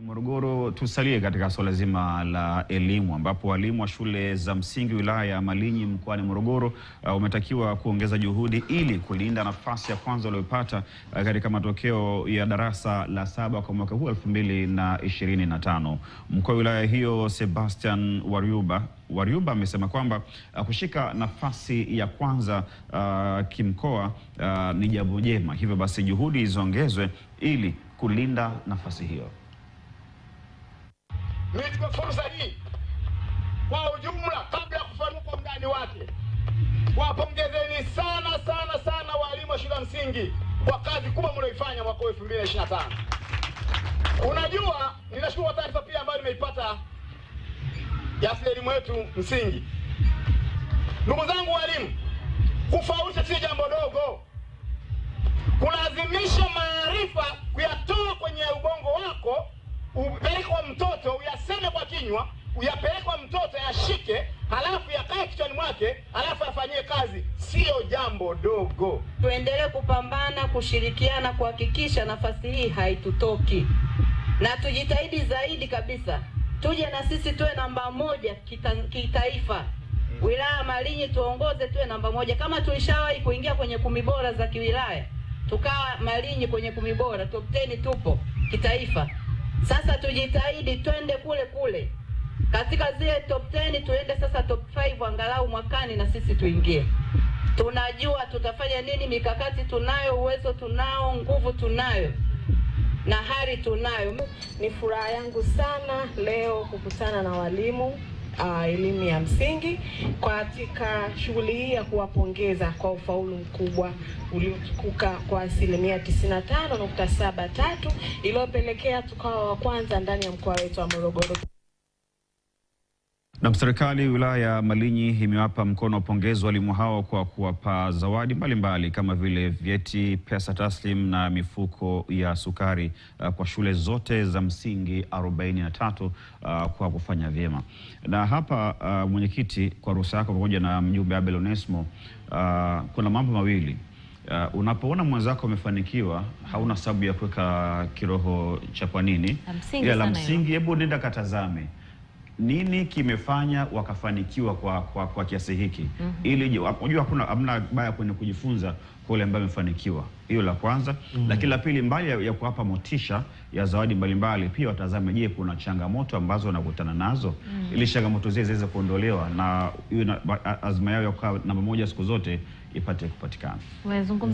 Morogoro, tusalie katika swala zima la elimu ambapo walimu wa shule za msingi wilaya ya Malinyi mkoani Morogoro uh, wametakiwa uh, kuongeza juhudi ili kulinda nafasi ya kwanza waliopata uh, katika matokeo ya darasa la saba kwa mwaka huu elfu mbili na ishirini na tano. Mkuu wa wilaya hiyo Sebastian Waryuba Waryuba amesema kwamba uh, kushika nafasi ya kwanza uh, kimkoa uh, ni jambo jema, hivyo basi juhudi ziongezwe ili kulinda nafasi hiyo. Nichukue fursa hii kwa ujumla, kabla ya kufanuka undani wake, wapongezeni sana sana sana walimu wa shule msingi kwa kazi kubwa mlioifanya mwaka 2025. Unajua, ninashukuru kwa taarifa pia ambayo nimeipata ya elimu yetu msingi. Ndugu zangu walimu, kufaulu si jambo dogo, kulazimisha maarifa kuyatoa kwenye ubongo wako upelekwa mtoto uya kinywa uyapelekwa mtoto yashike, halafu yakae kichwani mwake, halafu afanyie kazi, sio jambo dogo. Tuendelee kupambana, kushirikiana, kuhakikisha nafasi hii haitutoki, na tujitahidi zaidi kabisa, tuje na sisi tuwe namba moja kita, kitaifa mm. wilaya Malinyi tuongoze, tuwe namba moja. Kama tulishawahi kuingia kwenye kumi bora za kiwilaya, tukawa Malinyi kwenye kumi bora, top 10 tupo kitaifa. Sasa tujitahidi twende kule kule katika zile top 10 tuende sasa top 5 angalau mwakani na sisi tuingie. Tunajua tutafanya nini, mikakati tunayo, uwezo tunao, nguvu tunayo na hari tunayo. Ni furaha yangu sana leo kukutana na walimu uh, elimu ya msingi katika shughuli hii ya kuwapongeza kwa ufaulu mkubwa uliotukuka kwa asilimia 95.73 iliyopelekea tukawa wa kwanza ndani ya mkoa wetu wa Morogoro. Na serikali wilaya ya Malinyi imewapa mkono wa pongezi walimu hao kwa kuwapa zawadi mbalimbali mbali kama vile vyeti, pesa taslim na mifuko ya sukari uh, kwa shule zote za msingi 43 uh, kwa kufanya vyema. Na hapa uh, mwenyekiti, kwa ruhusa yako, pamoja na mjumbe Abel Onesmo, uh, kuna mambo mawili Uh, unapoona mwenzako amefanikiwa hauna sababu ya kuweka kiroho cha kwa nini, ila la msingi, hebu nenda katazame nini kimefanya wakafanikiwa kwa, kwa, kwa kiasi hiki mm -hmm. ili unajua hakuna amna baya kwenye kujifunza kwa yule ambaye amefanikiwa, hiyo la kwanza mm -hmm. Lakini la pili, mbali ya, ya kuwapa motisha ya zawadi mbalimbali, pia watazame, je, kuna changamoto ambazo wanakutana nazo mm -hmm. ili changamoto zile ziweze kuondolewa na azma yao ya kukaa namba moja siku zote ipate kupatikana.